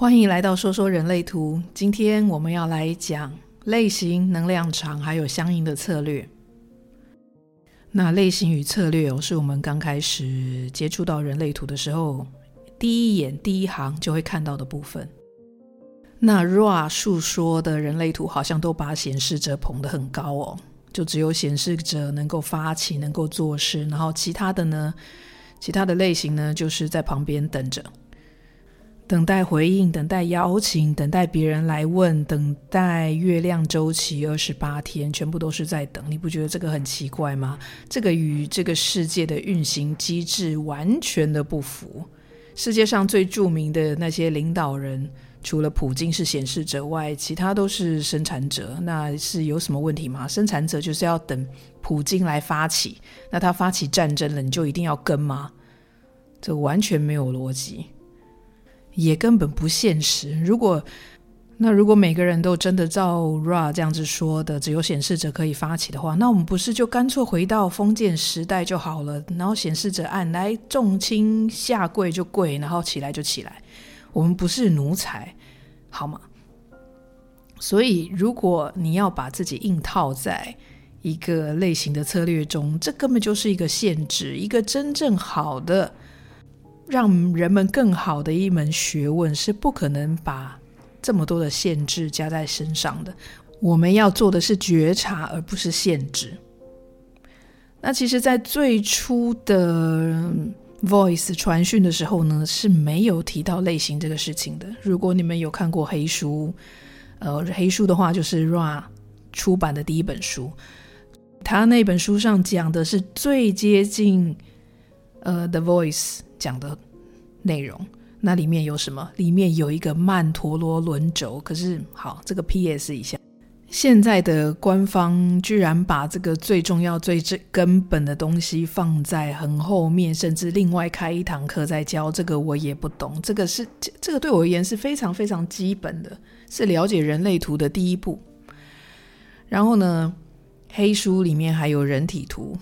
歡迎來到說說人類圖。今天我們要來講類型、能量場，還有相應的策略。那類型與策略哦，是我們剛開始接觸到人類圖的時候，第一眼第一行就會看到的部分。那 Ra 述說的人類圖好像都把顯示者捧得很高哦，就只有顯示者能夠發起、能夠做事，然後其他的呢，其他的類型呢，就是在旁邊等着。等待回應，等待邀請，等待別人來問，等待月亮週期二十八天，全部都是在等。你不覺得這個很奇怪嗎？這個與這個世界的運行機制完全的不符。世界上最著名的那些領導人，除了普京是顯示者外，其他都是生產者。那是有什麼問題嗎？生產者就是要等普京來發起，那他發起戰爭了，你就一定要跟嗎？這完全沒有邏輯。也根本不現實。如果那如果每個人都真的照 Ra、D、這樣子說的，只有顯示者可以發起的話，那我們不是就乾脆回到封建時代就好了？然後顯示者按來，眾卿下跪就跪，然後起來就起來，我們不是奴才好嗎？所以，如果你要把自己硬套在一個類型的策略中，這根本就是一個限制，一個真正好的。讓人們更好的一門學問是不可能把這麼多的限制加在身上的。我們要做的是覺察，而不是限制。那其實，在最初的 Voice 傳訊的時候呢，是沒有提到類型這個事情的。如果你們有看過黑書，呃，黑書的話，就是 Ra 出版的第一本書，他那本書上講的是最接近，呃，The Voice。講的內容，那裡面有什麼？裡面有一個曼陀羅輪軸。可是，好，這個 P.S. 一下，現在的官方居然把這個最重要、最根本的東西放在很後面，甚至另外開一堂課再教這個，我也不懂。這個是這個對我而言是非常非常基本的，是了解人類圖的第一步。然後呢，黑書裡面還有人體圖，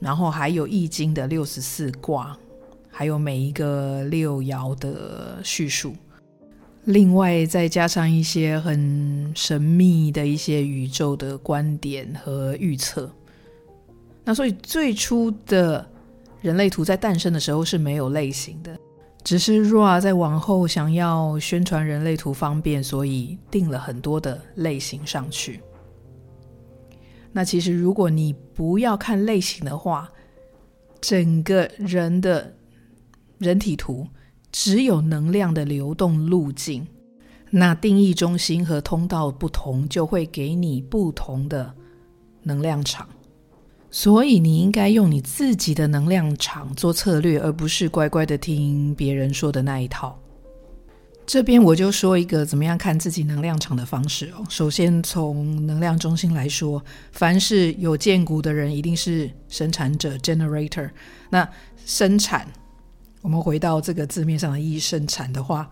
然後還有易經的六十四卦。還有每一個六爻的敘述，另外再加上一些很神秘的一些宇宙的觀點和預測。那所以最初的人類圖在誕生的時候是沒有類型的，只是 Ra 在往後想要宣傳人類圖方便，所以定了很多的類型上去。那其實如果你不要看類型的話，整個人的。人體圖只有能量的流動路徑，那定義中心和通道不同，就會給你不同的能量場。所以你應該用你自己的能量場做策略，而不是乖乖的聽別人說的那一套。這邊我就說一個怎麼樣看自己能量場的方式哦。首先從能量中心來說，凡是有薦骨的人，一定是生產者 （Generator）。那生產。我們回到這個字面上的意義，生產的話，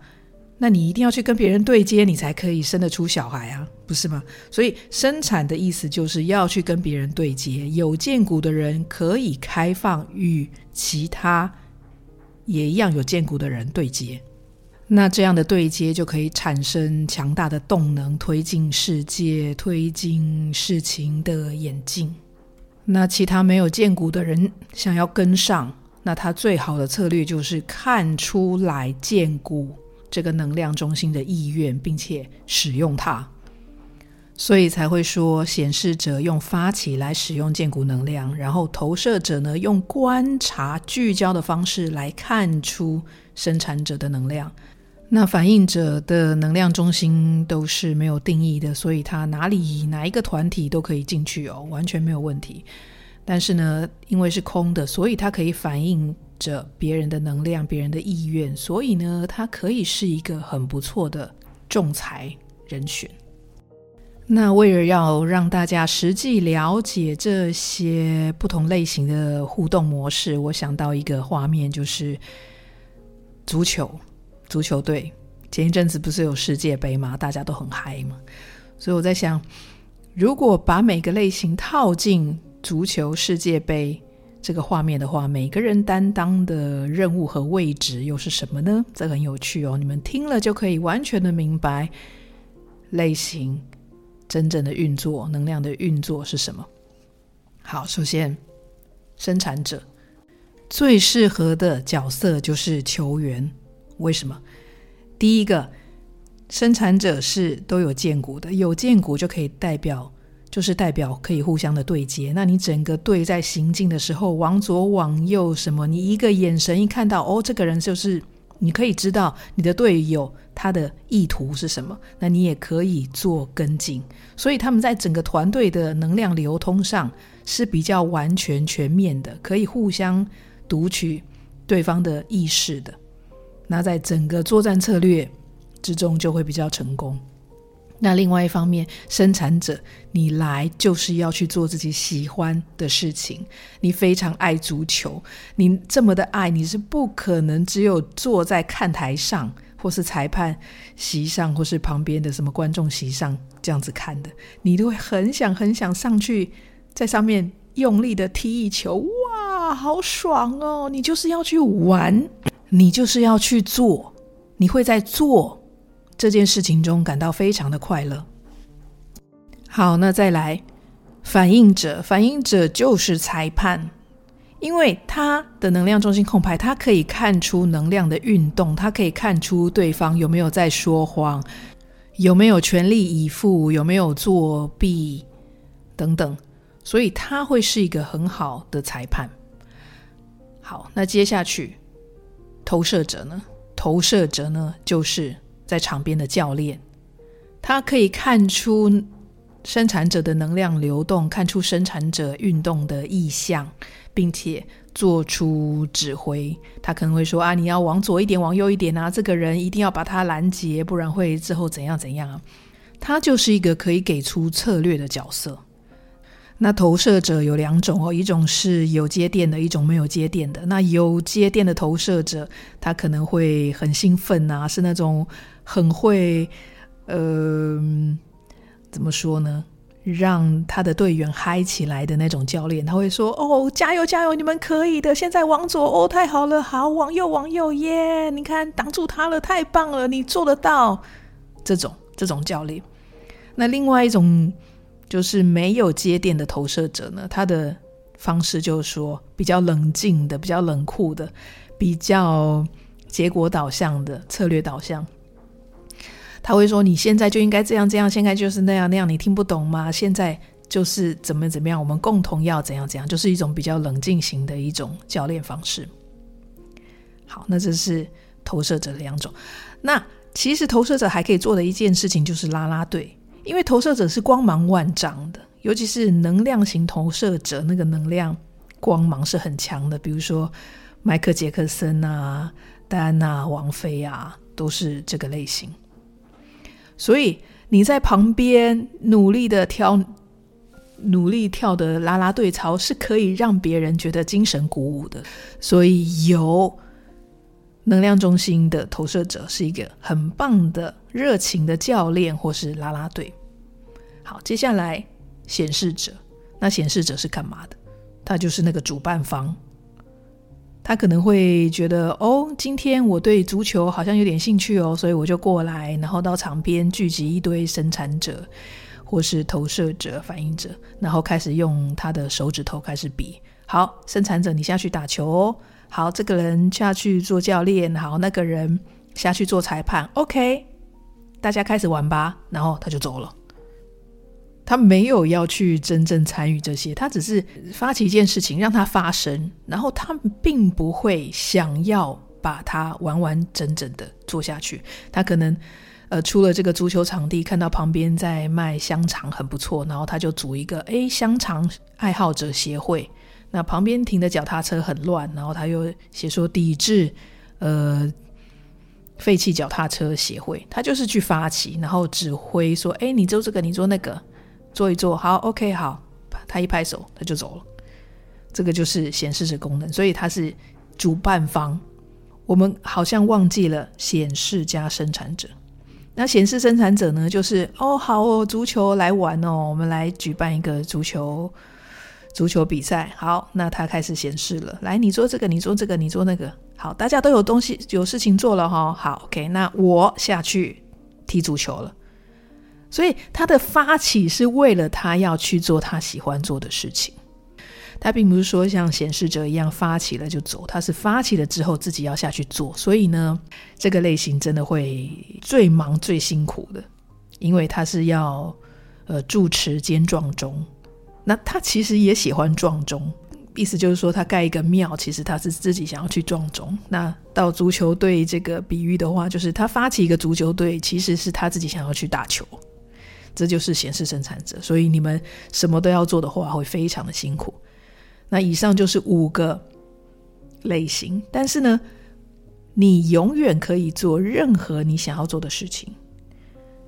那你一定要去跟別人對接，你才可以生得出小孩啊，不是嗎？所以，生產的意思就是要去跟別人對接。有薦骨的人可以開放與其他也一樣有薦骨的人對接，那這樣的對接就可以產生強大的動能，推進世界，推進事情的演進。那其他沒有薦骨的人想要跟上。那他最好的策略就是看出來薦骨這個能量中心的意願，並且使用它，所以才會說顯示者用發起來使用薦骨能量，然後投射者呢，用觀察聚焦的方式來看出生產者的能量。那反應者的能量中心都是沒有定義的，所以他哪裡哪一個團體都可以進去哦，完全沒有問題。但是呢，因為是空的，所以它可以反映着別人的能量、別人的意願，所以呢，它可以是一個很不錯的仲裁人選。那為了要讓大家實際了解這些不同類型的互動模式，我想到一個畫面，就是足球、足球隊。前一陣子不是有世界盃嘛，大家都很嗨嘛，所以我在想，如果把每個類型套進。足球世界盃這個畫面的話，每個人擔當的任務和位置又是什麼呢？這很有趣哦，你們聽了就可以完全的明白類型真正的運作，能量的運作是什麼。好，首先生產者最適合的角色就是球員，為什麼？第一個，生產者是都有薦骨的，有薦骨就可以代表。就是代表可以互相的對接。那你整個隊在行進的時候，往左往右什麼，你一個眼神一看到，哦，這個人就是，你可以知道你的隊友他的意圖是什麼。那你也可以做跟進。所以他們在整個團隊的能量流通上是比較完全全面的，可以互相讀取對方的意識的。那在整個作戰策略之中，就會比較成功。那另外一方面，生產者，你來就是要去做自己喜歡的事情。你非常愛足球，你這麼的愛，你是不可能只有坐在看台上，或是裁判席上，或是旁邊的什麼觀眾席上這樣子看的。你都會很想很想上去，在上面用力的踢一球，哇，好爽哦！你就是要去玩，你就是要去做，你會在做這件事情中感到非常的快樂。好，那再來，反應者，反應者就是裁判，因為他的能量中心空白，他可以看出能量的運動，他可以看出對方有沒有在說謊，有沒有全力以赴，有沒有作弊等等，所以他會是一個很好的裁判。好，那接下去，投射者呢？投射者呢就是在場邊的教練，他可以看出生產者的能量流動，看出生產者運動的意向，並且做出指揮。他可能會說：“啊，你要往左一點，往右一點啊，這個人一定要把他攔截，不然會之後怎樣怎樣啊。”他就是一個可以給出策略的角色。那投射者有兩種哦，一種是有接電的，一種沒有接電的。那有接電的投射者，他可能會很興奮啊，是那種。很會，呃，怎麼說呢？讓他的隊員嗨起來的那種教練，他會說：“哦，加油加油，你們可以的！現在往左哦，太好了，好，往右往右耶！Yeah, 你看擋住他了，太棒了，你做得到。”這種這種教練。那另外一種就是沒有接電的投射者呢，他的方式就是說比較冷靜的、比較冷酷的、比較結果導向的、策略導向。他會說：“你現在就應該這樣這樣，現在就是那樣那樣，你聽不懂嗎？現在就是怎麼怎麼樣，我們共同要怎樣怎樣，就是一種比較冷靜型的一種教練方式。”好，那這是投射者兩種。那其實投射者還可以做的一件事情就是拉拉隊，因為投射者是光芒萬丈的，尤其是能量型投射者，那個能量光芒是很強的。比如說，邁克傑克森啊，戴安娜王妃啊，都是這個類型。所以你在旁邊努力的跳，努力跳的啦啦隊操是可以讓別人覺得精神鼓舞的。所以有能量中心的投射者是一個很棒的、熱情的教練或是啦啦隊。好，接下來顯示者，那顯示者是幹嘛的？他就是那個主辦方。他可能會覺得，哦，今天我對足球好像有點興趣哦，所以我就過來，然後到場邊聚集一堆生產者，或是投射者、反映者，然後開始用他的手指頭開始比。好，生產者你下去打球哦，好，這個人下去做教練，好，那個人下去做裁判，OK，大家開始玩吧，然後他就走了。他沒有要去真正參與這些，他只是發起一件事情讓它發生，然後他並不會想要把它完完整整的做下去。他可能，呃，出了這個足球場地，看到旁邊在賣香腸很不錯，然後他就組一個，哎，香腸愛好者協會。那旁邊停的腳踏車很亂，然後他又寫說抵制，呃，廢棄腳踏車協會。他就是去發起，然後指揮說，哎，你做這個，你做那個。做一做好，OK，好，他一拍手，他就走了。這個就是顯示者功能，所以他是主辦方。我們好像忘記了顯示加生產者。那顯示生產者呢？就是哦，好，哦，足球來玩哦，我們來舉辦一個足球足球比賽。好，那他開始顯示了，來，你做這個，你做這個，你做那個。好，大家都有東西，有事情做了哈、哦。好，OK，那我下去踢足球了。所以他的發起是為了他要去做他喜歡做的事情，他並不是說像顯示者一樣發起了就走，他是發起了之後自己要下去做。所以呢，這個類型真的會最忙最辛苦的，因為他是要呃住持兼撞鐘，那他其實也喜歡撞鐘，意思就是說他蓋一個廟，其實他是自己想要去撞鐘。那到足球隊這個比喻的話，就是他發起一個足球隊，其實是他自己想要去打球。這就是顯示生產者，所以你們什麼都要做的話，會非常的辛苦。那以上就是五個類型，但是呢，你永遠可以做任何你想要做的事情。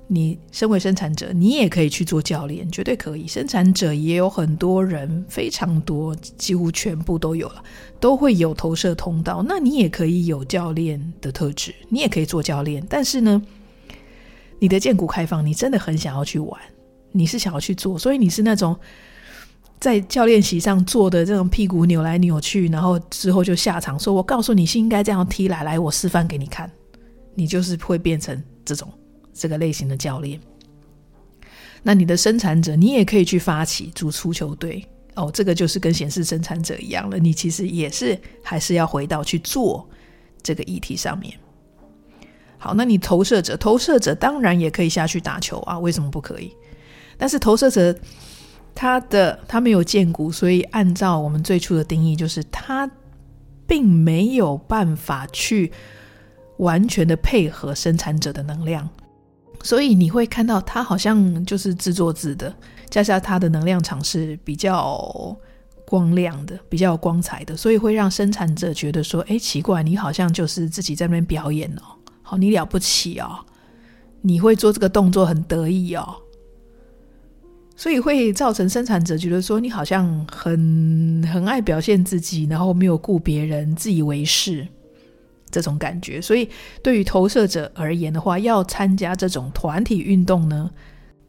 你身為生產者，你也可以去做教練，絕對可以。生產者也有很多人，非常多，幾乎全部都有了，都會有投射通道。那你也可以有教練的特質，你也可以做教練，但是呢。你的薦骨開放，你真的很想要去玩，你是想要去做，所以你是那種在教練席上坐的這種屁股扭來扭去，然後之後就下場說：“我告訴你，是應該這樣踢來來，我示範給你看。”你就是會變成這種這個類型的教練。那你的生產者，你也可以去發起組足球隊哦，這個就是跟顯示生產者一樣了。你其實也是還是要回到去做這個議題上面。好，那你投射者，投射者當然也可以下去打球啊，為什麼不可以？但是投射者他的他沒有薦骨，所以按照我們最初的定義，就是他並沒有辦法去完全的配合生產者的能量，所以你會看到他好像就是自作自的，加上他的能量場是比較光亮的，比較光彩的，所以會讓生產者覺得說，誒，奇怪，你好像就是自己在那邊表演哦。哦，你了不起哦！你會做這個動作很得意哦，所以會造成生產者覺得說你好像很很愛表現自己，然後沒有顧別人，自以為是這種感覺。所以對於投射者而言的話，要參加這種團體運動呢，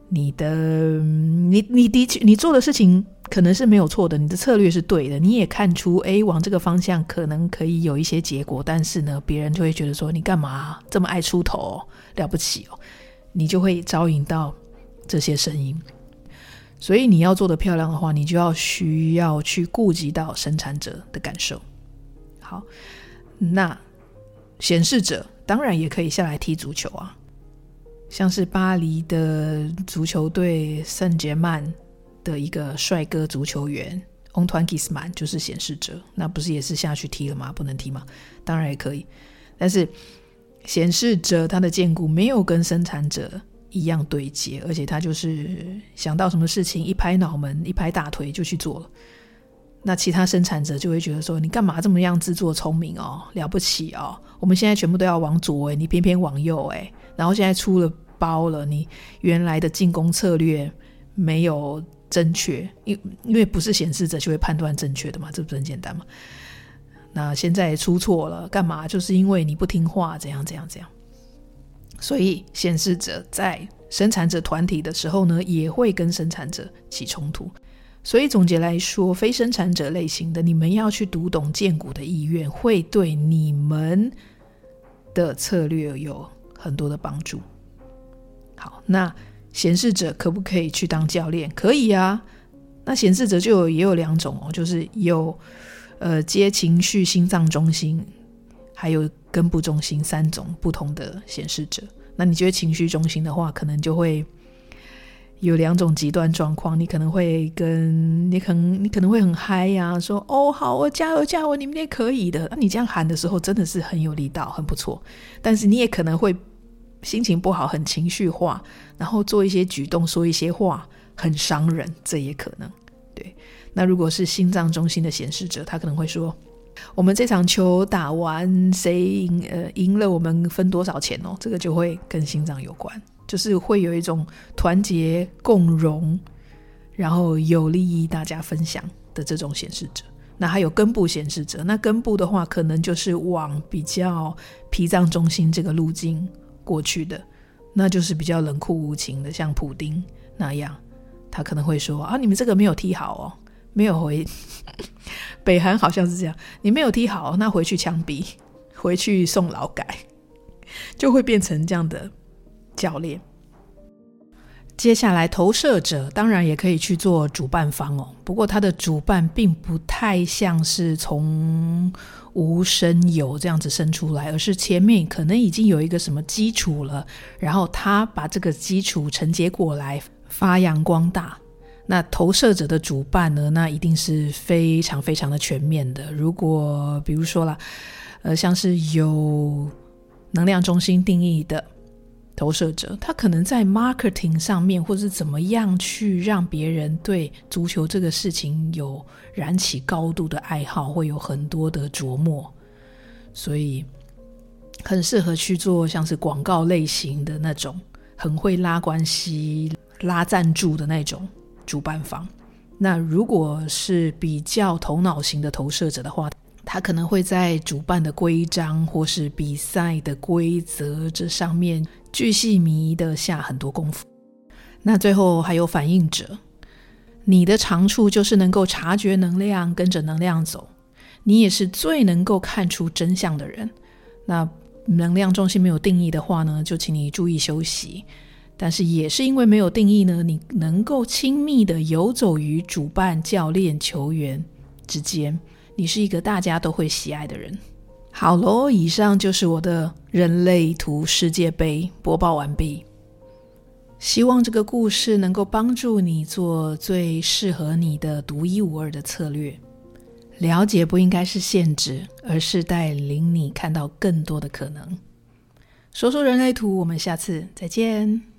你的你你的確你做的事情。可能是沒有錯的，你的策略是對的。你也看出，哎，往這個方向可能可以有一些結果，但是呢，別人就會覺得說你幹嘛這麼愛出頭，哦，了不起哦，你就會招引到這些聲音。所以你要做得漂亮的話，你就要需要去顧及到生產者的感受。好，那顯示者當然也可以下來踢足球啊，像是巴黎的足球隊、聖傑曼。的一個帥哥足球員，Antoine Griezmann 就是顯示者，那不是也是下去踢了嗎？不能踢嗎？當然也可以，但是顯示者他的薦骨沒有跟生產者一樣對接，而且他就是想到什麼事情一拍腦門一拍大腿就去做了。那其他生產者就會覺得說：“你幹嘛這麼樣自作聰明哦？了不起哦！我們現在全部都要往左誒，你偏偏往右誒。然後現在出了包了，你原來的進攻策略沒有。”正確，因因為不是顯示者就會判斷正確的嘛，這不是很簡單嘛？那現在出錯了，幹嘛？就是因為你不聽話，怎樣怎樣怎樣。所以顯示者在生產者團體的時候呢，也會跟生產者起衝突。所以總結來說，非生產者類型的你們要去讀懂薦骨的意願，會對你們的策略有很多的幫助。好，那。顯示者可不可以去當教練？可以啊。那顯示者就有也有兩種哦，就是有呃接情緒、心臟中心，還有根部中心三種不同的顯示者。那你覺得情緒中心的話，可能就會有兩種極端狀況，你可能會跟你可能你可能會很嗨呀、啊，說哦好我加油我加油，你們也可以的。那你這樣喊的時候真的是很有力道，很不錯。但是你也可能會。心情不好，很情緒化，然後做一些舉動，說一些話，很傷人，這也可能。對，那如果是心臟中心的顯示者，他可能會說：“我們這場球打完，誰贏？呃，贏了我們分多少錢哦？”這個就會跟心臟有關，就是會有一種團結共榮，然後有利益大家分享的這種顯示者。那還有根部顯示者，那根部的話，可能就是往比較脾臟中心這個路徑。過去的，那就是比較冷酷無情的，像普丁那樣，他可能會說啊，你們這個沒有踢好哦，沒有回 北韓，好像是這樣，你沒有踢好，那回去槍斃，回去送勞改，就會變成這樣的教練。接下來，投射者當然也可以去做主辦方哦，不過他的主辦並不太像是從無生有這樣子生出來，而是前面可能已經有一個什麼基礎了，然後他把這個基礎承接過來發揚光大。那投射者的主辦呢，那一定是非常非常的全面的。如果，比如說啦，呃，像是有能量中心定義的。投射者，他可能在 marketing 上面，或是怎麼樣去讓別人對足球這個事情，有燃起高度的愛好，會有很多的琢磨，所以很適合去做像是廣告類型的那種，很會拉關係、拉贊助的那種主辦方。那如果是比較頭腦型的投射者的話，他可能會在主辦的規章或是比賽的規則這上面，巨細靡遺的下很多功夫，那最後還有反映者，你的長處就是能夠察覺能量，跟着能量走，你也是最能夠看出真相的人。那能量中心沒有定義的話呢，就請你注意休息。但是也是因為沒有定義呢，你能夠親密的遊走於主辦、教練、球員之間，你是一個大家都會喜愛的人。好嘍，以上就是我的人類圖世界盃播報完畢。希望這個故事能夠幫助你做最適合你的獨一無二的策略。了解不應該是限制，而是帶領你看到更多的可能。說說人類圖，我們下次再見。